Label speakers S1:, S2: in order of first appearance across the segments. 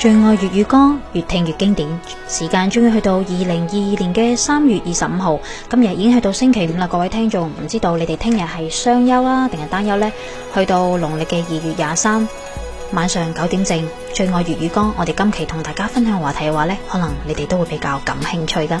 S1: 最愛粵語歌，越聽越經典。時間終於去到二零二二年嘅三月二十五號，今日已經去到星期五啦。各位聽眾，唔知道你哋聽日係雙休呀定係單休呢？去到農曆嘅二月廿三晚上九點正，最愛粵語歌，我哋今期同大家分享話題嘅話呢，可能你哋都會比較感興趣噶。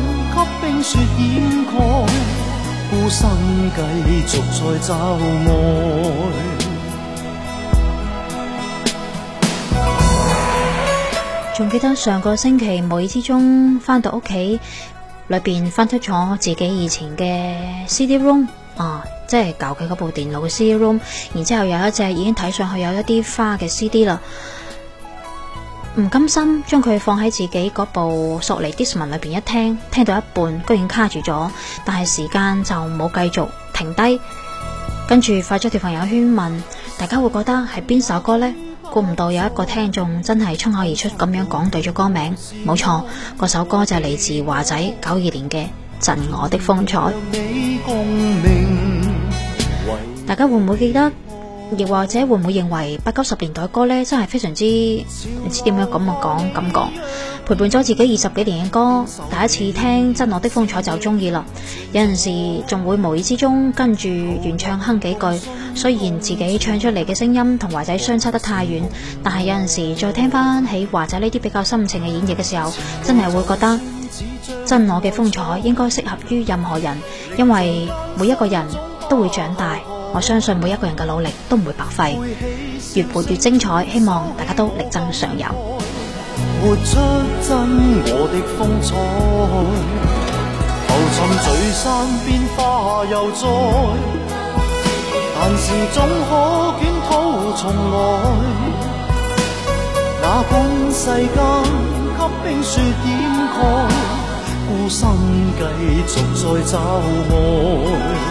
S1: 在仲記得上個星期無意之中翻到屋企，裏邊翻出咗自己以前嘅 CD room 啊，即係舊佢嗰部電腦嘅 CD room，然之後有一隻已經睇上去有一啲花嘅 CD 啦。唔甘心將佢放喺自己嗰部索尼 Discman 裏邊一聽，聽到一半居然卡住咗，但係時間就冇繼續停低，跟住發咗條朋友圈問大家會覺得係邊首歌呢？估唔到有一個聽眾真係衝口而出咁樣講對咗歌名，冇錯，嗰首歌就係嚟自華仔九二年嘅《真我的風采》，大家會唔會記得？亦或者會唔會認為八九十年代歌咧，真係非常之唔知點樣咁講，感覺陪伴咗自己二十幾年嘅歌，第一次聽《真我》的風采就中意啦。有陣時仲會無意之中跟住原唱哼幾句，雖然自己唱出嚟嘅聲音同華仔相差得太遠，但係有陣時再聽翻起華仔呢啲比較深情嘅演繹嘅時候，真係會覺得《真我》嘅風采應該適合於任何人，因為每一個人都會長大。我相信每一個人嘅努力都唔會白費，越活越精彩。希望大家都力爭上游。
S2: 活出真我的風采，浮沉聚散變化又再，但是總可捲土重來。哪管世間給冰雪掩蓋，孤身繼續再找愛。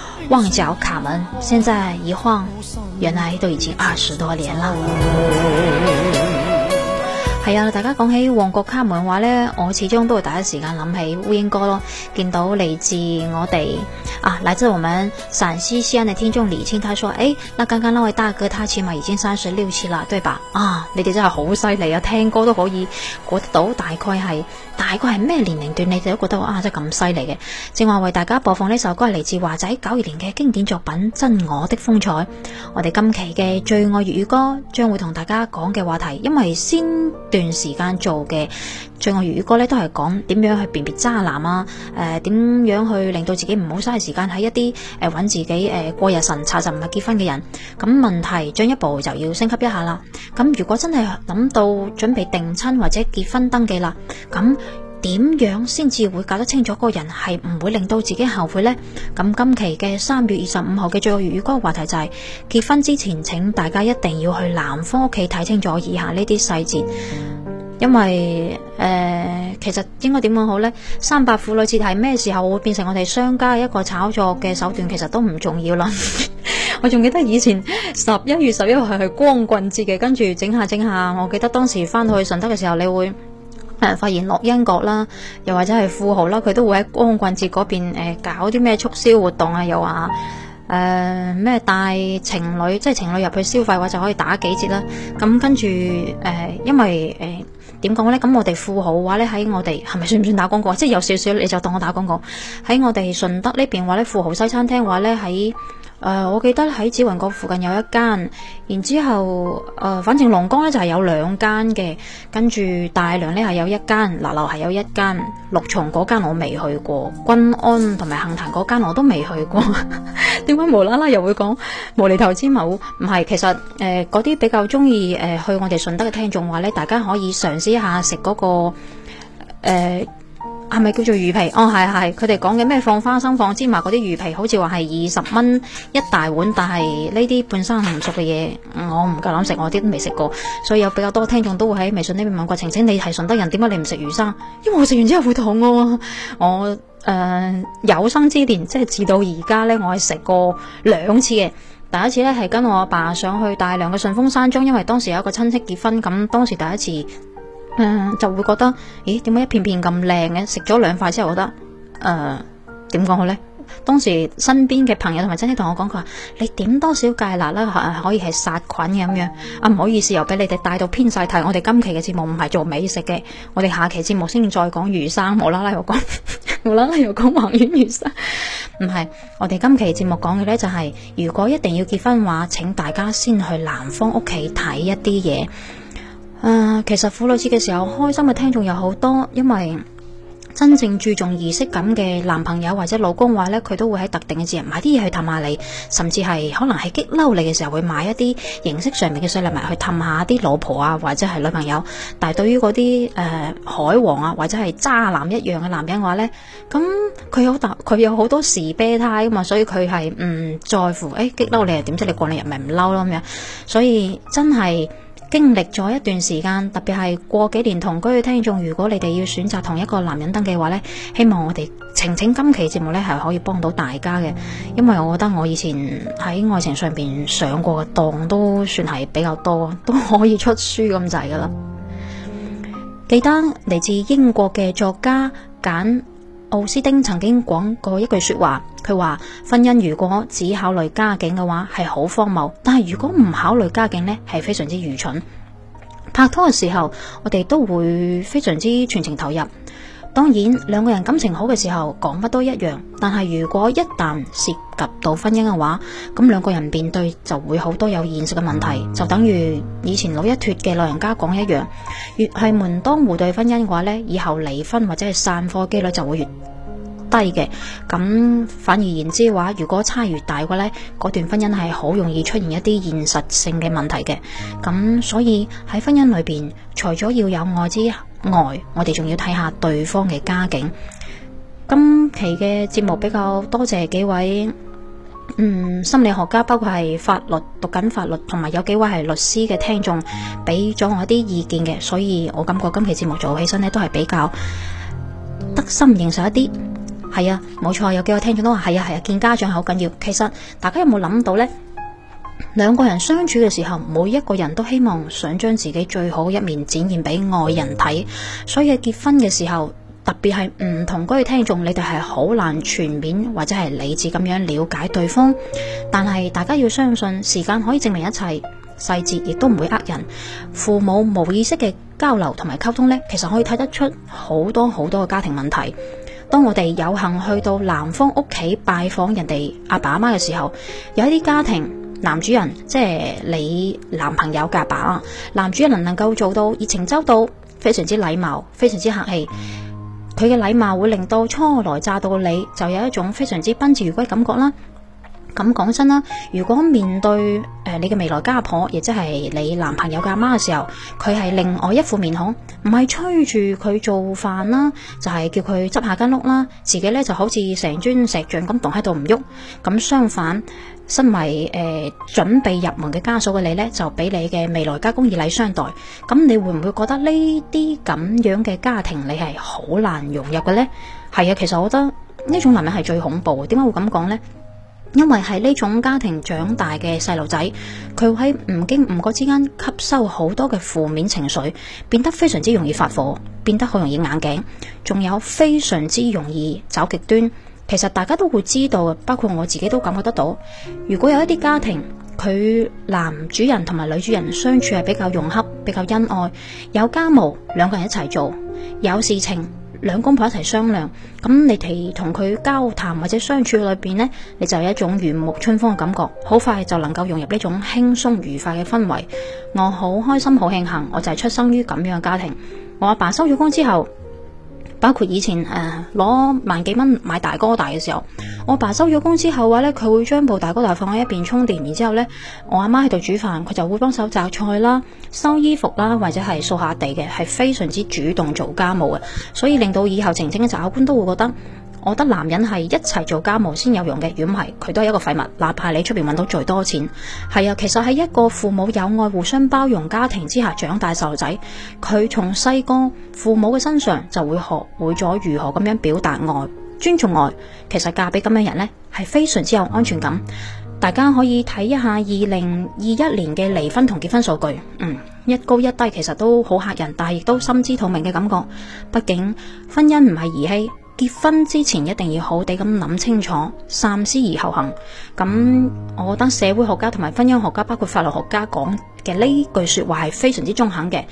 S1: 旺角卡門，現在一晃，原來都已經二十多年了。係啊，大家講起旺角卡門嘅話呢，我始終都會第一時間諗起烏蠅哥咯。見到嚟自我哋啊，來自我們陝西西安嘅聽眾李慶，他說：誒、哎，那剛剛那位大哥，他起碼已經三十六七啦，對吧？啊，你哋真係好犀利啊，聽歌都可以估到大概係大概係咩年齡段，你哋都覺得啊，真係咁犀利嘅。正話為大家播放呢首歌，係嚟自華仔九二年嘅經典作品《真我的風采》。我哋今期嘅醉愛粵語歌將會同大家講嘅話題，因為先段。段時間做嘅醉愛粵語歌咧，都係講點樣去辨別渣男啊？誒、呃，點樣去令到自己唔好嘥時間喺一啲誒揾自己誒、呃、過日神茶就唔係結婚嘅人？咁、嗯、問題進一步就要升級一下啦。咁、嗯、如果真係諗到準備訂親或者結婚登記啦，咁、嗯。點樣先至會搞得清楚嗰個人係唔會令到自己後悔呢？咁今期嘅三月二十五號嘅最後一個粵語歌嗰話題就係、是、結婚之前，請大家一定要去男方屋企睇清楚以下呢啲細節，因為誒、呃，其實應該點樣好呢？三八婦女節係咩時候會變成我哋商家一個炒作嘅手段？其實都唔重要啦。 我仲記得以前十一月十一號係光棍節嘅，跟住整下整下，我記得當時翻去順德嘅時候，你會。誒，發現落英國啦，又或者係富豪啦，佢都會喺光棍節嗰邊誒搞啲咩促銷活動啊？又話誒咩帶情侶，即係情侶入去消費嘅話就可以打幾折啦。咁、啊、跟住誒、呃，因為誒點講咧？咁、呃、我哋富豪嘅話咧喺我哋係咪算唔算打廣告？即係有少少你就當我打廣告。喺我哋順德邊呢邊話咧，富豪西餐廳話咧喺。誒、呃，我記得喺紫雲閣附近有一間，然之後誒、呃，反正龍江咧就係、是、有兩間嘅，跟住大良呢係有一間，勒流係有一間，六重嗰間我未去過，均安同埋杏壇嗰間我都未去過，點解 無啦啦又會講無厘頭之母？唔係，其實誒嗰啲比較中意誒去我哋順德嘅聽眾話咧，大家可以嘗試一下食嗰、那個誒。呃係咪叫做魚皮？哦，係係，佢哋講嘅咩放花生放芝麻嗰啲魚皮，好似話係二十蚊一大碗。但係呢啲半生唔熟嘅嘢，我唔夠膽食，我啲都未食過。所以有比較多聽眾都會喺微信呢邊問過晴晴，你係順德人，點解你唔食魚生？因為我食完之後會痛啊！我誒、呃、有生之年，即係至到而家呢，我係食過兩次嘅。第一次呢，係跟我阿爸，爸上去大良嘅順風山莊，因為當時有一個親戚結婚，咁當時第一次。誒，就會覺得，咦，點解一片片咁靚嘅？食咗兩塊之後，我覺得，誒，點講好呢？當時身邊嘅朋友同埋親戚同我講，佢話：你點多少芥辣啦，可以係殺菌嘅咁樣。啊，唔好意思，又俾你哋帶到偏晒題。我哋今期嘅節目唔係做美食嘅，我哋下期節目先再講魚生，無啦啦又講，無啦啦又講黃魚生。唔係，我哋今期節目講嘅呢，就係，如果一定要結婚話，請大家先去男方屋企睇一啲嘢。誒、呃，其實婦女節嘅時候，開心嘅聽眾有好多，因為真正注重儀式感嘅男朋友或者老公話呢，佢都會喺特定嘅節日買啲嘢去氹下你，甚至係可能係激嬲你嘅時候，會買一啲形式上面嘅碎禮物去氹下啲老婆啊，或者係女朋友。但係對於嗰啲誒海王啊，或者係渣男一樣嘅男人話呢，咁佢有好大，佢有好多時啤胎噶嘛，所以佢係唔在乎。誒、欸，激嬲你又點啫？知你過兩日咪唔嬲咯咁樣。所以真係。經歷咗一段時間，特別係過幾年同居嘅聽眾，如果你哋要選擇同一個男人登記嘅話咧，希望我哋晴晴今期節目呢係可以幫到大家嘅，因為我覺得我以前喺愛情上邊上過嘅當都算係比較多，都可以出書咁滯噶啦。記得嚟自英國嘅作家簡。奧斯汀曾經講過一句說話，佢話婚姻如果只考慮家境嘅話係好荒謬，但係如果唔考慮家境呢，係非常之愚蠢。拍拖嘅時候，我哋都會非常之全情投入。當然，兩個人感情好嘅時候講乜都一樣，但係如果一旦涉及到婚姻嘅話，咁兩個人面對就會好多有現實嘅問題。就等於以前老一脫嘅老人家講一樣，越係門當戶對婚姻嘅話呢，以後離婚或者係散貨機率就會越低嘅。咁反而言之嘅話，如果差越大嘅話，呢段婚姻係好容易出現一啲現實性嘅問題嘅。咁所以喺婚姻裏邊，除咗要有愛之外，呃，我哋仲要睇下對方嘅家境。今期嘅節目比較多謝幾位，嗯，心理學家，包括係法律、讀緊法律，同埋有幾位係律師嘅聽眾俾咗我一啲意見嘅，所以我感覺今期節目做起身呢都係比較得心應手一啲。係啊，冇錯，有幾位聽眾都話係啊係啊，見家長好緊要。其實大家有冇諗到呢？兩個人相處嘅時候，每一個人都希望想將自己最好一面展現俾愛人睇，所以結婚嘅時候，特別係唔同居嘅聽眾，你哋係好難全面或者係理智咁樣了解對方。但係大家要相信，時間可以證明一切，細節亦都唔會呃人。父母無意識嘅交流同埋溝通呢，其實可以睇得出好多好多嘅家庭問題。當我哋有幸去到男方屋企拜訪人哋阿爸阿媽嘅時候，有一啲家庭。男主人即係你男朋友嘅阿爸啦，男主人能能夠做到熱情周到，非常之禮貌，非常之客氣。佢嘅禮貌會令到初來乍到你就有一種非常之賓至如歸感覺啦。咁講真啦，如果面對誒、呃、你嘅未來家婆，亦即係你男朋友嘅阿媽嘅時候，佢係另外一副面孔，唔係催住佢做飯啦，就係、是、叫佢執下間屋啦，自己呢就好似成尊石像咁凍喺度唔喐。咁相反。身為誒、呃、準備入門嘅家屬嘅你呢，就俾你嘅未來家公以禮相待。咁你會唔會覺得呢啲咁樣嘅家庭你係好難融入嘅呢？係啊，其實我覺得呢種男人係最恐怖。點解會咁講呢？因為喺呢種家庭長大嘅細路仔，佢會喺唔經唔覺之間吸收好多嘅負面情緒，變得非常之容易發火，變得好容易硬頸，仲有非常之容易走極端。其實大家都會知道，包括我自己都感覺得到。如果有一啲家庭，佢男主人同埋女主人相處係比較融洽、比較恩愛，有家務兩個人一齊做，有事情兩公婆一齊商量，咁你哋同佢交談或者相處裏邊呢，你就有一種如沐春風嘅感覺，好快就能夠融入一種輕鬆愉快嘅氛圍。我好開心、好慶幸，我就係出生於咁樣嘅家庭。我阿爸、爸收咗工之後，包括以前誒攞、呃、萬幾蚊買大哥大嘅時候，我爸收咗工之後嘅話咧，佢會將部大哥大放喺一邊充電，然之後咧，我阿媽喺度煮飯，佢就會幫手摘菜啦、收衣服啦，或者係掃下地嘅，係非常之主動做家務嘅，所以令到以後晴晴嘅仔官都會覺得。我覺得男人係一齊做家務先有用嘅，如果唔係佢都係一個廢物。哪怕你出邊揾到再多錢，係啊，其實喺一個父母有愛、互相包容家庭之下長大細路仔，佢從細個父母嘅身上就會學會咗如何咁樣表達愛、尊重愛。其實嫁俾咁樣人呢，係非常之有安全感。大家可以睇一下二零二一年嘅離婚同結婚數據，嗯，一高一低，其實都好吓人，但係亦都心知肚明嘅感覺。畢竟婚姻唔係兒戲。結婚之前一定要好地咁諗清楚，三思而後行。咁我覺得社會學家同埋婚姻學家，包括法律學家講嘅呢句說話係非常之中肯嘅。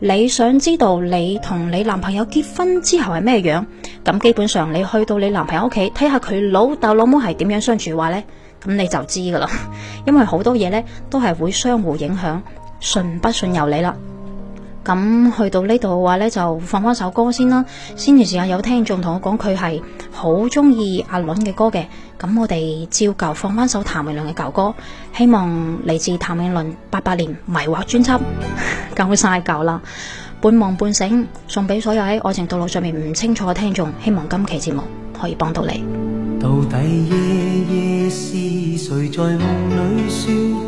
S1: 你想知道你同你男朋友結婚之後係咩樣？咁基本上你去到你男朋友屋企睇下佢老豆老母係點樣相處話呢，咁你就知噶啦。因為好多嘢呢都係會相互影響，信不信由你啦。咁去到呢度嘅話呢，就放翻首歌先啦。先前時間有聽眾同我講佢係好中意阿倫嘅歌嘅，咁我哋照舊放翻首譚詠麟嘅舊歌，希望嚟自譚詠麟八八年迷惑專輯，夠晒舊啦。半夢半醒，送俾所有喺愛情道路上面唔清楚嘅聽眾，希望今期節目可以幫到你。
S3: 到底夜夜是誰在夢裏笑？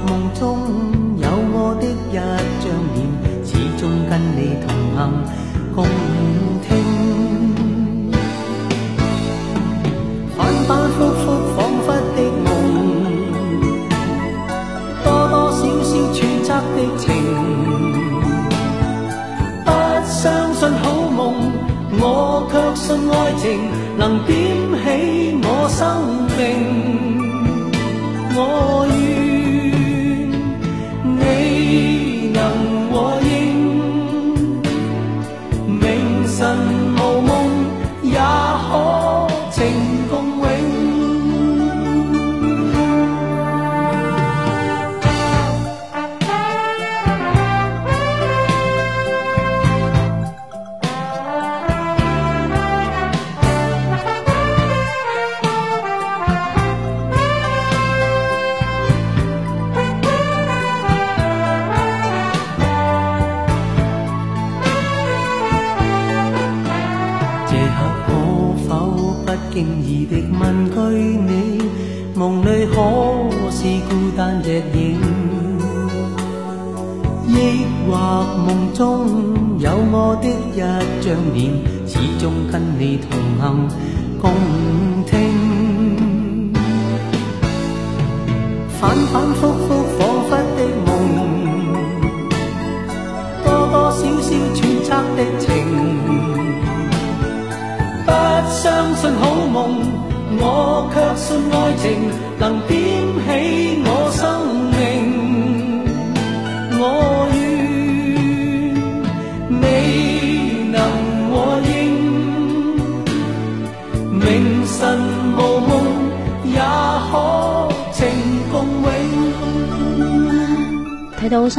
S4: 信愛情能點起我生命，我願。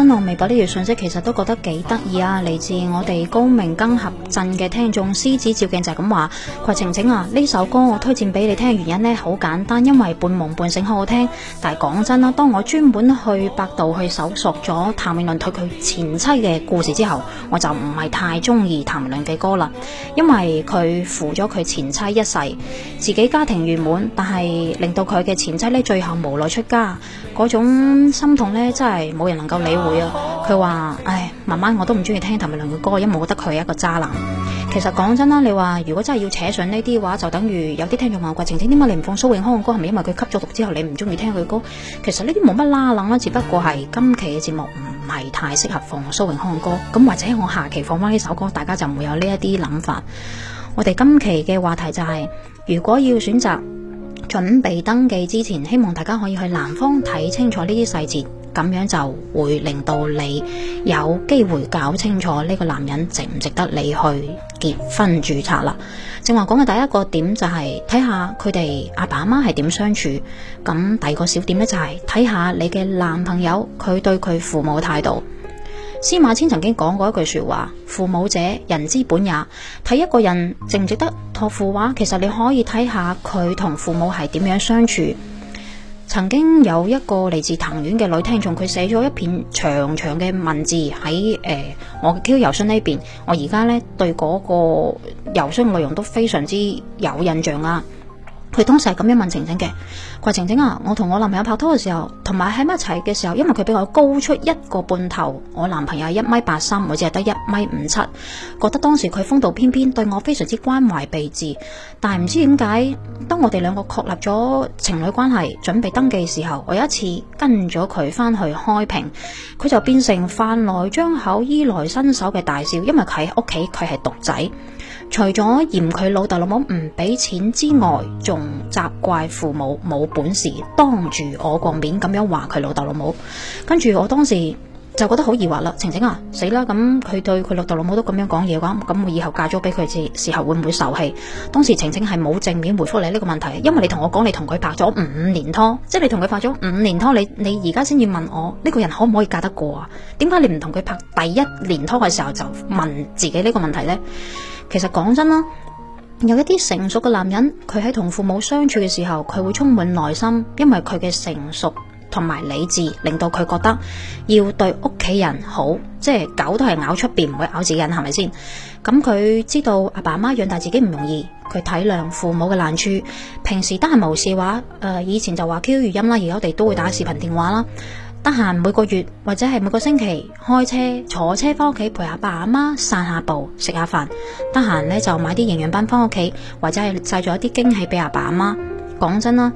S1: 新浪微博呢條信息其實都覺得幾得意啊！嚟自我哋高明更合鎮嘅聽眾獅子趙敬就係咁話：，佢話晴晴啊，呢首歌我推薦俾你聽嘅原因咧，好簡單，因為半夢半醒好好聽。但係講真啦，當我專門去百度去搜索咗譚詠麟對佢前妻嘅故事之後，我就唔係太中意譚詠麟嘅歌啦，因為佢扶咗佢前妻一世，自己家庭圓滿，但係令到佢嘅前妻咧最後無奈出家，嗰種心痛咧真係冇人能夠理會。佢話：， 唉，慢慢我都唔中意聽譚詠麟嘅歌，因為我覺得佢係一個渣男。其實講真啦，你話如果真係要扯上呢啲話，就等於有啲聽眾問我：，桂晴晴，點解你唔放蘇永康嘅歌？係咪因為佢吸咗毒之後，你唔中意聽佢歌？其實呢啲冇乜啦冷啦，只不過係今期嘅節目唔係太適合放蘇永康嘅歌，咁或者我下期放翻呢首歌，大家就唔會有呢一啲諗法。我哋今期嘅話題就係、是，如果要選擇準備登記之前，希望大家可以去男方睇清楚呢啲細節。咁樣就會令到你有機會搞清楚呢個男人值唔值得你去結婚註冊啦。正話講嘅第一個點就係、是、睇下佢哋阿爸阿媽係點相處。咁第二個小點呢、就是，就係睇下你嘅男朋友佢對佢父母嘅態度。司馬遷曾經講過一句說話：父母者，人之本也。睇一個人值唔值得托付，話其實你可以睇下佢同父母係點樣相處。曾經有一個嚟自藤縣嘅女聽眾，佢寫咗一篇長長嘅文字喺、呃、我嘅 Q Q 郵箱呢邊，我而家呢對嗰個郵箱內容都非常之有印象啊。佢當時係咁樣問晴晴嘅，話晴晴啊，我同我男朋友拍拖嘅時候，同埋喺埋一齊嘅時候，因為佢比我高出一個半頭，我男朋友一米八三，我只係得一米五七，覺得當時佢風度翩翩，對我非常之關懷備至。但係唔知點解，當我哋兩個確立咗情侶關係，準備登記時候，我有一次跟咗佢返去開平，佢就變成飯來張口，衣來伸手嘅大少，因為佢喺屋企，佢係獨仔。除咗嫌佢老豆老母唔俾錢之外，仲責怪父母冇本事，當住我個面咁樣話佢老豆老母。跟住我當時就覺得好疑惑啦。晴晴啊，死啦！咁佢對佢老豆老母都咁樣講嘢嘅話，咁我以後嫁咗俾佢之時候會唔會受氣？當時晴晴係冇正面回覆你呢個問題，因為你同我講你同佢拍咗五年拖，即係你同佢拍咗五年拖，你你而家先至問我呢個人可唔可以嫁得過啊？點解你唔同佢拍第一年拖嘅時候就問自己呢個問題呢？」其實講真啦，有一啲成熟嘅男人，佢喺同父母相處嘅時候，佢會充滿耐心，因為佢嘅成熟同埋理智，令到佢覺得要對屋企人好，即係狗都係咬出邊唔會咬自己人，係咪先？咁佢知道阿爸阿媽養大自己唔容易，佢體諒父母嘅難處，平時都係無事話誒、呃。以前就話 QQ 語音啦，而家我哋都會打視頻電話啦。得閒每個月或者係每個星期開車坐車翻屋企陪阿爸阿媽散下步食下飯，得閒呢，就買啲營養品翻屋企，或者係製造一啲驚喜俾阿爸阿媽。講真啦，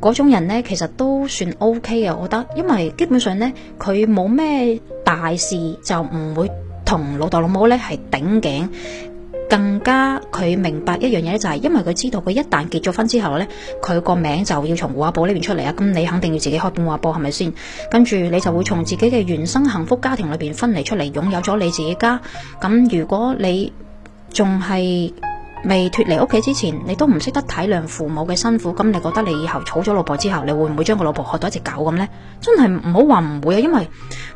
S1: 嗰種人呢，其實都算 OK 嘅，我覺得，因為基本上呢，佢冇咩大事就唔會同老豆老母呢係頂頸。更加佢明白一樣嘢咧，就係因為佢知道佢一旦結咗婚之後呢，佢個名就要從戶口簿呢邊出嚟啊，咁你肯定要自己開本戶口簿，係咪先？跟住你就會從自己嘅原生幸福家庭裏邊分離出嚟，擁有咗你自己家。咁如果你仲係未脫離屋企之前，你都唔識得體諒父母嘅辛苦，咁你覺得你以後娶咗老婆之後，你會唔會將個老婆學到一隻狗咁呢？真係唔好話唔會啊！因為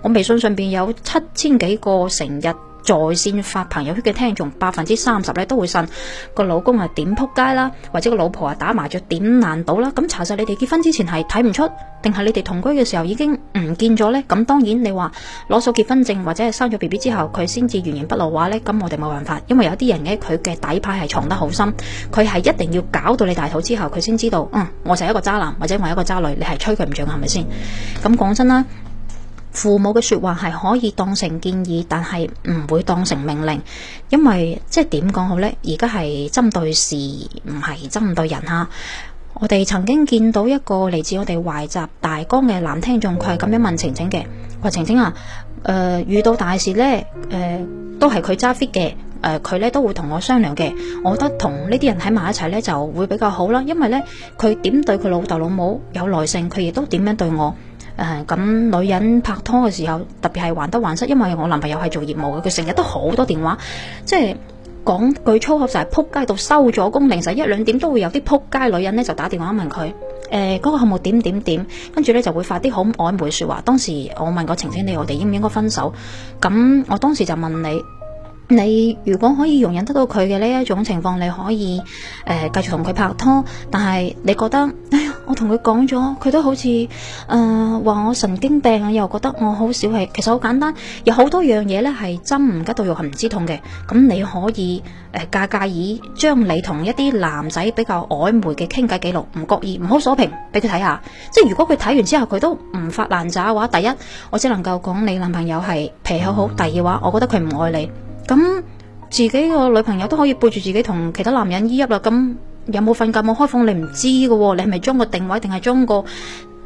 S1: 我微信上邊有七千幾個成日在線發朋友圈嘅聽眾，百分之三十咧，都會信個老公係點仆街啦，或者個老婆啊打麻雀點難倒啦。咁查實你哋結婚之前係睇唔出，定係你哋同居嘅時候已經唔見咗呢？咁當然你話攞咗結婚證或者係生咗 BB 之後佢先至原形畢露話呢？咁我哋冇辦法，因為有啲人呢，佢嘅底牌係藏得好深，佢係一定要搞到你大肚之後佢先知道，嗯，我就係一個渣男或者我係一個渣女，你係吹佢唔脹，係咪先？咁講真啦。父母嘅說話係可以當成建議，但係唔會當成命令，因為即係點講好呢？而家係針對事，唔係針對人吓。我哋曾經見到一個嚟自我哋懷集大江嘅男聽眾，佢係咁樣問晴晴嘅：「喂，晴晴啊，呃，遇到大事呢，誒、呃，都係佢揸 fit 嘅，誒、呃，佢呢都會同我商量嘅。我覺得同呢啲人喺埋一齊呢就會比較好啦，因為呢，佢點對佢老豆老母有耐性，佢亦都點樣對我。誒咁、嗯、女人拍拖嘅時候，特別係患得患失，因為我男朋友係做業務嘅，佢成日都好多電話，即係講句粗口就係撲街到收咗工，凌晨一兩點都會有啲撲街女人呢就打電話問佢，誒、欸、嗰、嗰個項目點點點，跟住呢就會發啲好曖昧嘅説話。當時我問過程經理你我哋應唔應該分手？咁我當時就問你。你如果可以容忍得到佢嘅呢一種情況，你可以誒、呃、繼續同佢拍拖。但係你覺得，哎呀，我同佢講咗，佢都好似誒話我神經病啊，又覺得我好小氣。其實好簡單，有好多樣嘢呢係針唔吉到肉唔知痛嘅。咁你可以誒介介以將你同一啲男仔比較曖昧嘅傾偈記錄唔覺意唔好鎖屏俾佢睇下。即係如果佢睇完之後佢都唔發爛渣嘅話，第一我只能夠講你男朋友係皮好好，第二話我覺得佢唔愛你。咁自己個女朋友都可以背住自己同其他男人依一啦，咁有冇瞓覺冇開房你唔知噶，你係咪裝個定位定係裝個？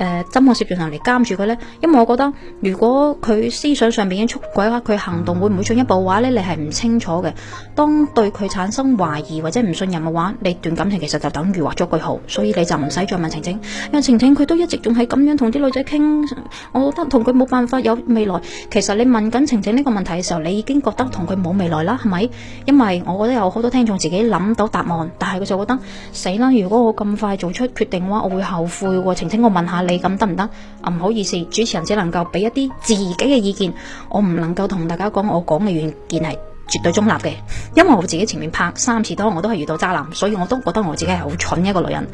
S1: 誒，針我攝像頭嚟監住佢呢？因為我覺得如果佢思想上面已經出軌嘅話，佢行動會唔會進一步嘅話咧，你係唔清楚嘅。當對佢產生懷疑或者唔信任嘅話，你段感情其實就等於畫咗句號，所以你就唔使再問晴晴。因晴晴佢都一直仲係咁樣同啲女仔傾，我覺得同佢冇辦法有未來。其實你問緊晴晴呢個問題嘅時候，你已經覺得同佢冇未來啦，係咪？因為我覺得有好多聽眾自己諗到答案，但係佢就覺得死啦！如果我咁快做出決定嘅話，我會後悔。晴晴，我問下你。你咁得唔得？唔好意思，主持人只能夠俾一啲自己嘅意見，我唔能夠同大家講，我講嘅意見係絕對中立嘅，因為我自己前面拍三次多，我都係遇到渣男，所以我都覺得我自己係好蠢一個女人。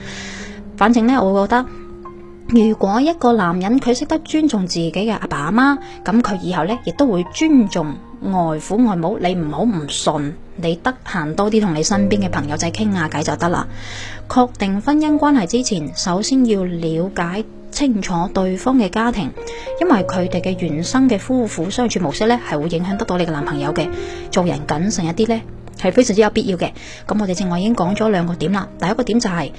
S1: 反正呢，我覺得如果一個男人佢識得尊重自己嘅阿爸阿媽，咁佢以後呢，亦都會尊重外父外母，你唔好唔信。你得閒多啲同你身邊嘅朋友仔傾下偈就得啦。確定婚姻關係之前，首先要了解清楚對方嘅家庭，因為佢哋嘅原生嘅夫婦相處模式呢係會影響得到你嘅男朋友嘅。做人謹慎一啲呢係非常之有必要嘅。咁我哋正話已經講咗兩個點啦，第一個點就係、是。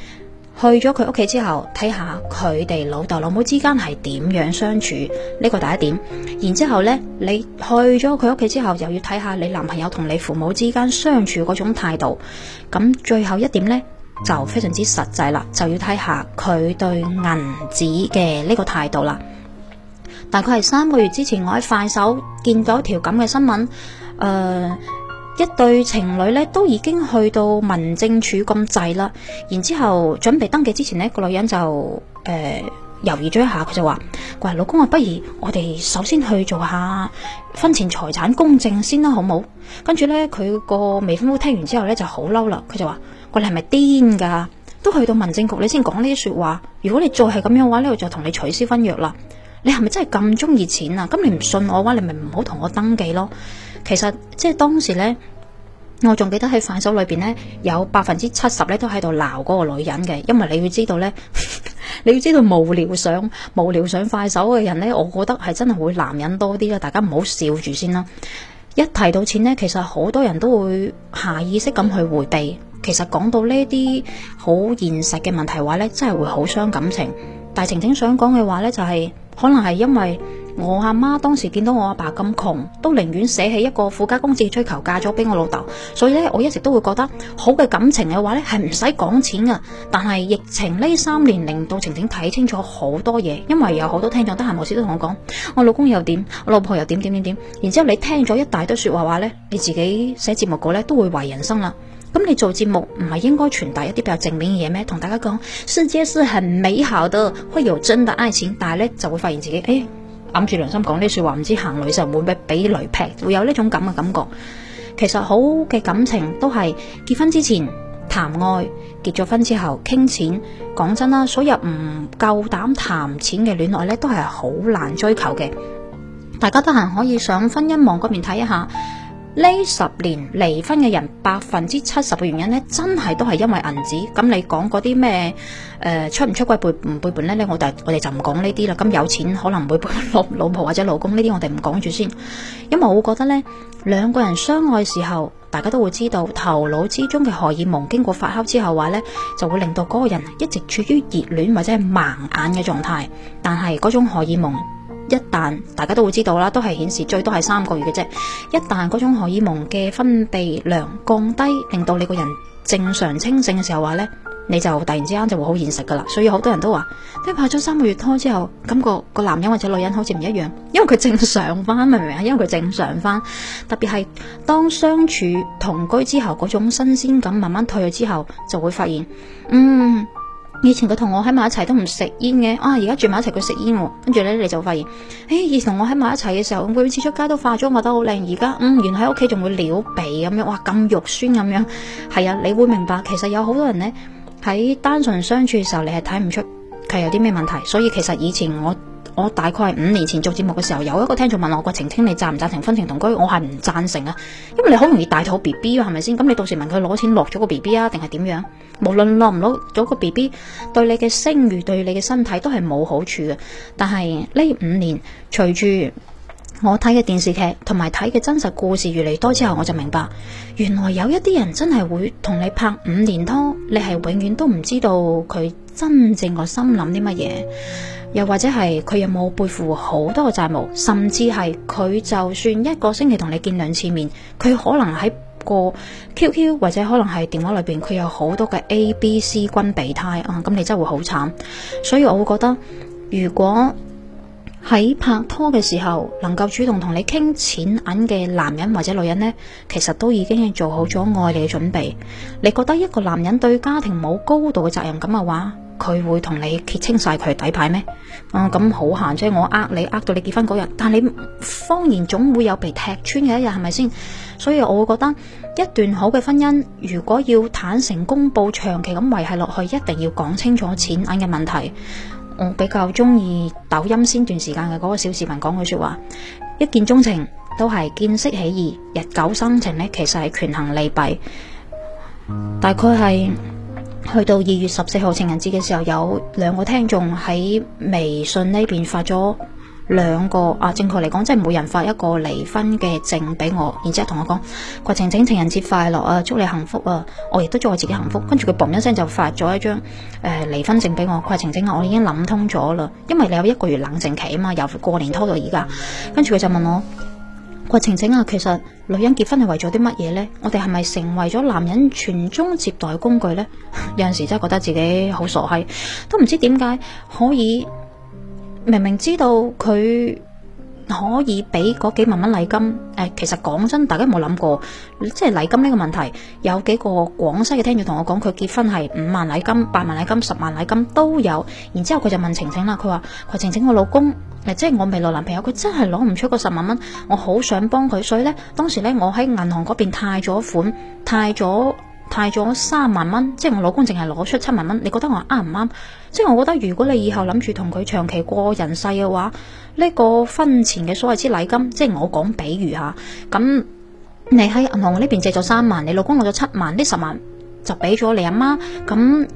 S1: 去咗佢屋企之後，睇下佢哋老豆老母之間係點樣相處，呢個第一點。然之後呢，你去咗佢屋企之後，又要睇下你男朋友同你父母之間相處嗰種態度。咁最後一點呢，就非常之實際啦，就要睇下佢對銀紙嘅呢個態度啦。大概係三個月之前，我喺快手見到條咁嘅新聞，誒、呃。一對情侶咧都已經去到民政處咁滯啦，然之後準備登記之前呢個女人就誒猶、呃、豫咗一下，佢就話：，喂，老公啊，不如我哋首先去做下婚前財產公證先啦，啊，好冇？跟住呢，佢個未婚夫聽完之後呢，就好嬲啦，佢就話：，喂，你係咪癲噶？都去到民政局你先講呢啲說話，如果你再係咁樣話呢，我就同你取消婚約啦。你係咪真係咁中意錢啊？咁你唔信我嘅話，你咪唔好同我登記咯。其實即係當時呢，我仲記得喺快手裏邊呢，有百分之七十呢都喺度鬧嗰個女人嘅。因為你要知道呢， 你要知道無聊上無聊上快手嘅人呢，我覺得係真係會男人多啲啦。大家唔好笑住先啦，一提到錢呢，其實好多人都會下意識咁去回避。其實講到呢啲好現實嘅問題話呢，真係會好傷感情。但係晴晴想講嘅話呢，就係、是。可能係因為我阿媽當時見到我阿爸咁窮，都寧願捨棄一個富家公子追求嫁咗俾我老豆，所以咧我一直都會覺得好嘅感情嘅話咧係唔使講錢噶。但係疫情呢三年令到晴晴睇清楚好多嘢，因為有好多聽眾得閒無事都同我講，我老公又點，我老婆又點點點點，然之後你聽咗一大堆說話話咧，你自己寫節目嗰咧都會懷疑人生啦。咁你做節目唔係應該傳達一啲比較正面嘅嘢咩？同大家講，世界是很美好的，會有真的愛情，但係咧就會發現自己，誒、欸，揞住良心講呢句話，唔知行雷會唔會俾雷劈，會有呢種咁嘅感覺。其實好嘅感情都係結婚之前談愛，結咗婚之後傾錢。講真啦，所有唔夠膽談錢嘅戀愛呢，都係好難追求嘅。大家得閒可以上婚姻網嗰邊睇一下。呢十年離婚嘅人百分之七十嘅原因呢，真係都係因為銀紙。咁你講嗰啲咩，誒出唔出軌背唔背叛呢？呢我哋我哋就唔講呢啲啦。咁有錢可能會背落老、老婆或者老公呢啲，我哋唔講住先。因為我覺得呢，兩個人相愛時候，大家都會知道頭腦之中嘅荷爾蒙經過發酵之後話呢，就會令到嗰個人一直處於熱戀或者盲眼嘅狀態。但係嗰種荷爾蒙。一旦大家都會知道啦，都係顯示最多係三個月嘅啫。一旦嗰種荷爾蒙嘅分泌量降低，令到你個人正常清醒嘅時候話呢，你就突然之間就會好現實噶啦。所以好多人都話，你拍咗三個月拖之後，感覺嗰個男人或者女人好似唔一樣，因為佢正常翻，明唔明啊？因為佢正常翻，特別係當相處同居之後，嗰種新鮮感慢慢退咗之後，就會發現，嗯。以前佢同我喺埋一齊都唔食煙嘅啊，而家住埋一齊佢食煙，跟住咧你就發現，誒、哎，以前同我喺埋一齊嘅時候，佢每次出街都化妝化妝得好靚，而家嗯，原來喺屋企仲會撩鼻咁樣，哇，咁肉酸咁樣，係啊，你會明白其實有好多人咧喺單純相處嘅時候，你係睇唔出佢有啲咩問題，所以其實以前我。我大概五年前做節目嘅時候，有一個聽眾問我，個晴晴你贊唔贊成婚前同居？我係唔贊成啊，因為你好容易大肚 B B 啊，係咪先？咁你到時問佢攞錢落咗個 B B 啊，定係點樣？無論落唔落咗個 B B，對你嘅聲譽、對你嘅身體都係冇好處嘅。但係呢五年，隨住我睇嘅電視劇同埋睇嘅真實故事越嚟越多之後，我就明白，原來有一啲人真係會同你拍五年拖，你係永遠都唔知道佢真正個心諗啲乜嘢。又或者係佢有冇背負好多嘅債務，甚至係佢就算一個星期同你見兩次面，佢可能喺個 QQ 或者可能係電話裏邊，佢有好多嘅 A、B、嗯、C 均備胎啊，咁你真係會好慘。所以我會覺得，如果喺拍拖嘅時候能夠主動同你傾錢銀嘅男人或者女人呢，其實都已經係做好咗愛你嘅準備。你覺得一個男人對家庭冇高度嘅責任感嘅話，佢會同你揭清晒佢底牌咩？啊、嗯，咁、嗯、好閒啫！我呃你呃到你結婚嗰日，但係你謊言總會有被踢穿嘅一日，係咪先？所以我會覺得一段好嘅婚姻，如果要坦誠公布、長期咁維繫落去，一定要講清楚錢銀嘅問題。我比較中意抖音先段時間嘅嗰個小視頻講句說話：一見鍾情都係見色起意，日久生情呢，其實係權衡利弊，大概係。去到二月十四號情人節嘅時候，有兩個聽眾喺微信呢邊發咗兩個啊，正確嚟講，即係每人發一個離婚嘅證俾我，然之後同我講，怪晴晴，情人節快樂啊，祝你幸福啊，我亦都祝我自己幸福。跟住佢嘣一聲就發咗一張誒、呃、離婚證俾我，怪晴晴啊，我已經諗通咗啦，因為你有一個月冷靜期啊嘛，由過年拖到而家，跟住佢就問我。郭晴晴啊，其實女人結婚係為咗啲乜嘢呢？我哋係咪成為咗男人傳宗接代工具呢？ 有陣時真係覺得自己好傻閪，都唔知點解可以明明知道佢可以俾嗰幾萬蚊禮金，誒、呃，其實講真，大家冇諗過？即係禮金呢個問題，有幾個廣西嘅聽眾同我講，佢結婚係五萬禮金、八萬禮金、十萬禮金都有。然之後佢就問晴晴啦，佢話，喂、呃，晴晴，我老公。誒，即係我未來男朋友，佢真係攞唔出個十萬蚊，我好想幫佢，所以呢，當時呢，我喺銀行嗰邊貸咗款，貸咗貸咗三萬蚊，即係我老公淨係攞出七萬蚊，你覺得我啱唔啱？即係我覺得如果你以後諗住同佢長期過人世嘅話，呢個婚前嘅所謂之禮金，即係我講比如吓，咁你喺銀行呢邊借咗三萬，你老公攞咗七萬，呢十萬就俾咗你阿媽，咁。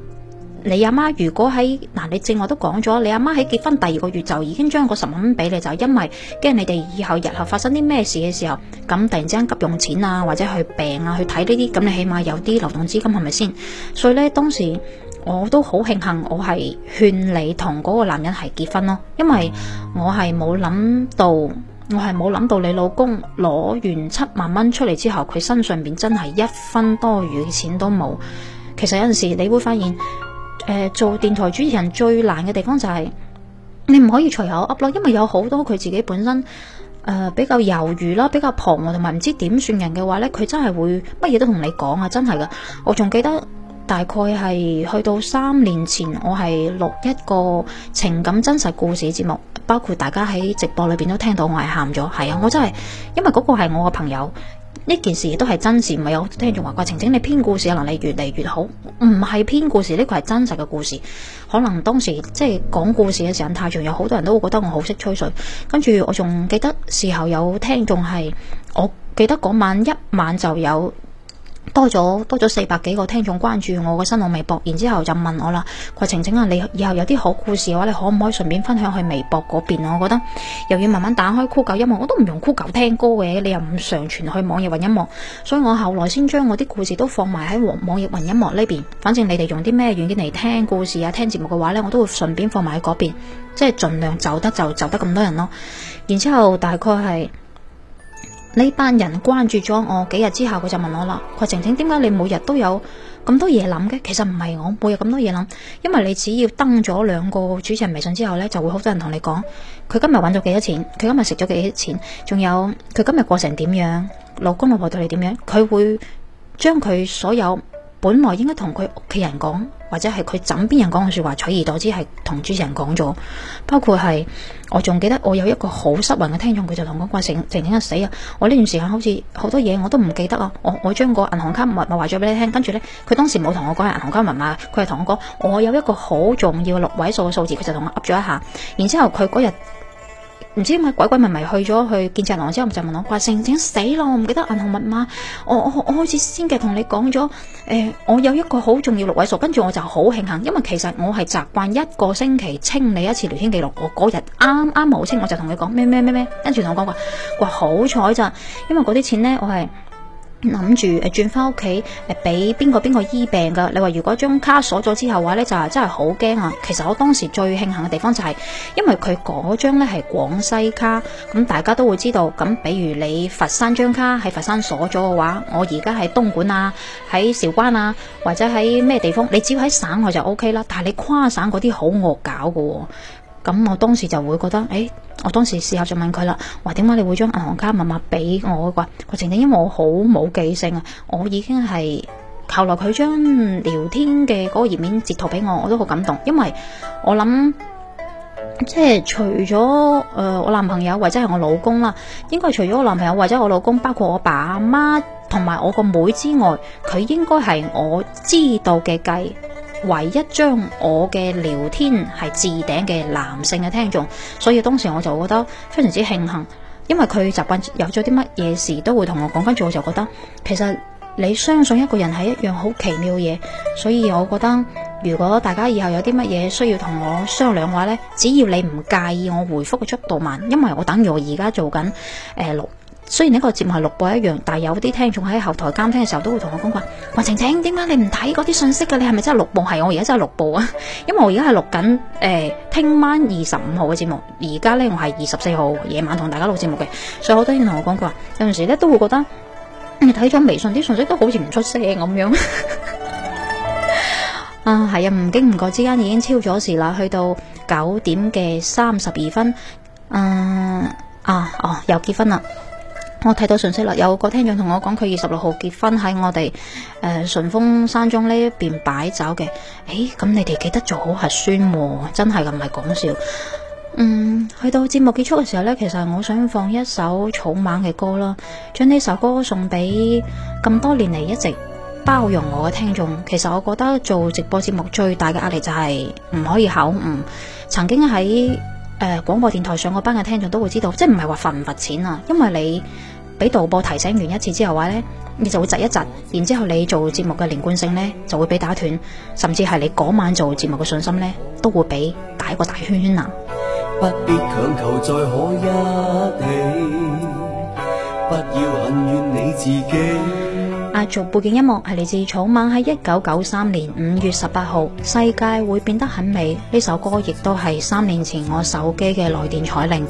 S1: 你阿媽如果喺嗱，你正我都講咗，你阿媽喺結婚第二個月就已經將嗰十萬蚊俾你，就係因為驚你哋以後日後發生啲咩事嘅時候，咁突然之間急用錢啊，或者去病啊，去睇呢啲，咁你起碼有啲流動資金係咪先？所以呢，當時我都好慶幸，我係勸你同嗰個男人係結婚咯，因為我係冇諗到，我係冇諗到你老公攞完七萬蚊出嚟之後，佢身上邊真係一分多餘嘅錢都冇。其實有陣時，你會發現。呃、做電台主持人最難嘅地方就係，你唔可以隨口噏咯，因為有好多佢自己本身誒、呃、比較猶豫啦，比較彷徨同埋唔知點算人嘅話呢，佢真係會乜嘢都同你講啊，真係噶！我仲記得大概係去到三年前，我係錄一個情感真實故事節目，包括大家喺直播裏邊都聽到我係喊咗，係啊，我真係因為嗰個係我個朋友。呢件事亦都係真事，唔係，有聽眾話，話晴晴你編故事嘅能力越嚟越好，唔係編故事，呢個係真實嘅故事。可能當時即係講故事嘅時間太長，有好多人都會覺得我好識吹水。跟住我仲記得時候有聽眾係，我記得嗰晚一晚就有。多咗多咗四百幾個聽眾關注我嘅新浪微博，然之後就問我啦，郭晴晴啊，你以後有啲好故事嘅話，你可唔可以順便分享去微博嗰邊啊？我覺得又要慢慢打開酷狗音樂，我都唔用酷狗聽歌嘅，你又唔上傳去網易雲音樂，所以我後來先將我啲故事都放埋喺網網易雲音樂呢邊。反正你哋用啲咩軟件嚟聽故事啊，聽節目嘅話呢，我都會順便放埋喺嗰邊，即係盡量就得就就得咁多人咯。然之後大概係。呢班人關注咗我幾日之後，佢就問我啦：話晴晴，點解你每日都有咁多嘢諗嘅？其實唔係我，我每日咁多嘢諗，因為你只要登咗兩個主持人微信之後呢，就會好多人同你講，佢今日揾咗幾多錢，佢今日食咗幾多錢，仲有佢今日過成點樣，老公老婆對你點樣，佢會將佢所有本來應該同佢屋企人講。或者係佢枕邊人講嘅說話，取而代之係同主持人講咗，包括係我仲記得我有一個好失魂嘅聽眾，佢就同我講成成天啊死啊！我呢段時間好似好多嘢我都唔記得啊！我我將個銀行卡密碼話咗俾你聽，跟住呢，佢當時冇同我講係銀行卡密碼，佢係同我講我有一個好重要嘅六位數嘅數字，佢就同我噏咗一下，然之後佢嗰日。唔知點解鬼鬼迷迷去咗去建設銀行之後，就問我話整整死咯，我唔記得銀行密碼。我我我開始先嘅同你講咗，誒、欸，我有一個好重要六位數，跟住我就好慶幸，因為其實我係習慣一個星期清理一次聊天記錄。我嗰日啱啱冇清，我就同佢講咩咩咩咩，跟住同我講話，佢話好彩咋，因為嗰啲錢咧，我係。諗住誒轉翻屋企誒俾邊個邊個醫病噶，你話如果張卡鎖咗之後話呢，就係真係好驚啊！其實我當時最慶幸嘅地方就係、是，因為佢嗰張呢係廣西卡，咁大家都會知道，咁比如你佛山張卡喺佛山鎖咗嘅話，我而家喺東莞啊，喺韶關啊，或者喺咩地方，你只要喺省內就 OK 啦，但係你跨省嗰啲好惡搞噶。咁我當時就會覺得，誒、哎，我當時試下就問佢啦，話點解你會將銀行卡密碼俾我嘅話，佢情定因為我好冇記性啊，我已經係後來佢將聊天嘅嗰個頁面截圖俾我，我都好感動，因為我諗即係除咗誒、呃、我男朋友或者係我老公啦，應該係除咗我男朋友或者我老公，包括我爸阿媽同埋我個妹，妹之外，佢應該係我知道嘅計。唯一將我嘅聊天係置頂嘅男性嘅聽眾，所以當時我就覺得非常之慶幸，因為佢習慣有咗啲乜嘢事都會同我講，跟住，我就覺得其實你相信一個人係一樣好奇妙嘅嘢，所以我覺得如果大家以後有啲乜嘢需要同我商量嘅話呢，只要你唔介意我回覆嘅速度慢，因為我等於我而家做緊誒六。呃雖然呢個節目係錄播一樣，但係有啲聽眾喺後台監聽嘅時候，都會同我講過話，晴晴，點解你唔睇嗰啲信息嘅？你係咪真係錄播？係我而家真係錄播啊！因為我而家係錄緊誒，聽、呃、晚二十五號嘅節目，而家呢我係二十四號夜晚同大家錄節目嘅，所以好多人同我講過話有陣時咧都會覺得你睇咗微信啲信息都好似唔出聲咁樣啊。係啊，唔經唔覺之間已經超咗時啦，去到九點嘅三十二分。嗯啊，哦，嗯、又結婚啦！我睇到信息啦，有個聽眾同我講佢二十六號結婚喺我哋誒順峰山莊呢一邊擺酒嘅。誒、欸，咁你哋記得做好核酸喎，哦，真係咁唔係講笑。嗯，去到節目結束嘅時候呢，其實我想放一首草蜢嘅歌啦，將呢首歌送俾咁多年嚟一直包容我嘅聽眾。其實我覺得做直播節目最大嘅壓力就係唔可以口誤。曾經喺誒廣播電台上過班嘅聽眾都會知道，即係唔係話罰唔罰錢啊，因為你。俾導播提醒完一次之後話呢，你就會窒一窒，然之後你做節目嘅連貫性呢，就會被打斷，甚至係你嗰晚做節目嘅信心呢，都會俾打一個大圈圈啊！
S4: 不必強求再可一起，不要怨恨你自己。
S1: 阿續背景音樂係嚟自草蜢，喺一九九三年五月十八號，世界會變得很美呢首歌，亦都係三年前我手機嘅來電彩鈴。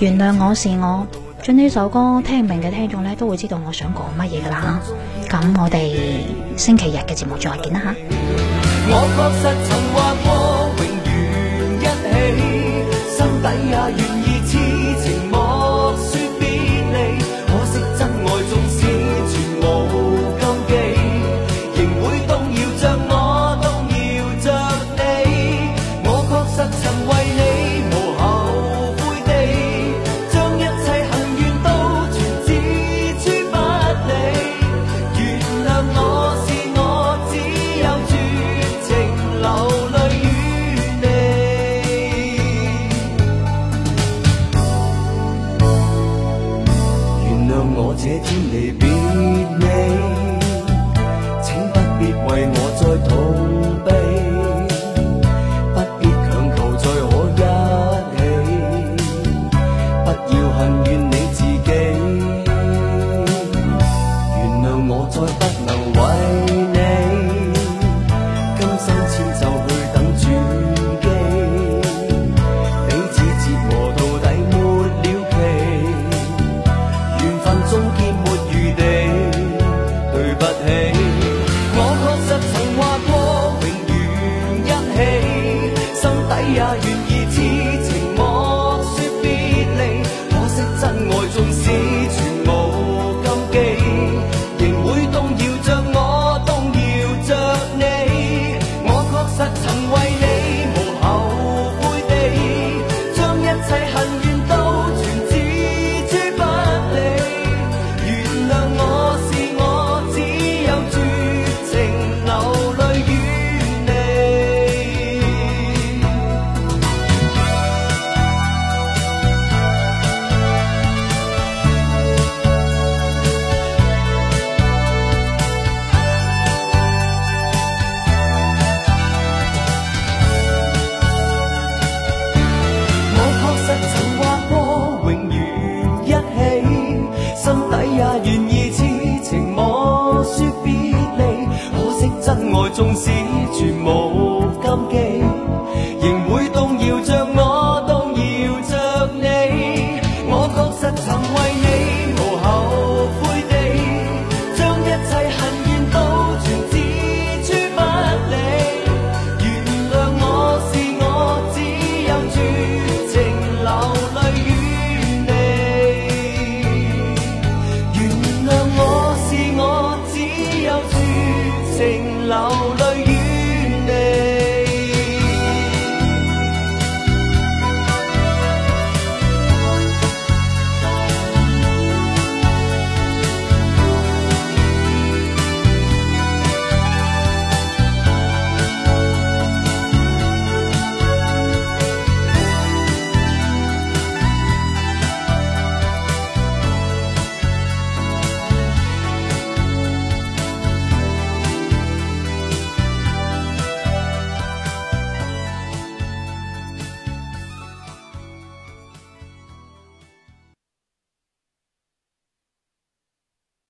S1: 原諒我是我。將呢首歌聽唔明嘅聽眾咧，都會知道我想講乜嘢噶啦。咁我哋星期日嘅節目再見啦
S4: 吓。